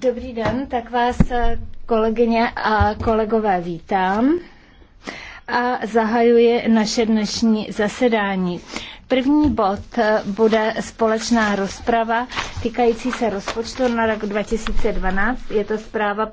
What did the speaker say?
Dobrý den, tak vás e, kolegyně a kolegové vítám a zahajuji naše dnešní zasedání. První bod e, bude společná rozprava týkající se rozpočtu na rok 2012. Je to zpráva pana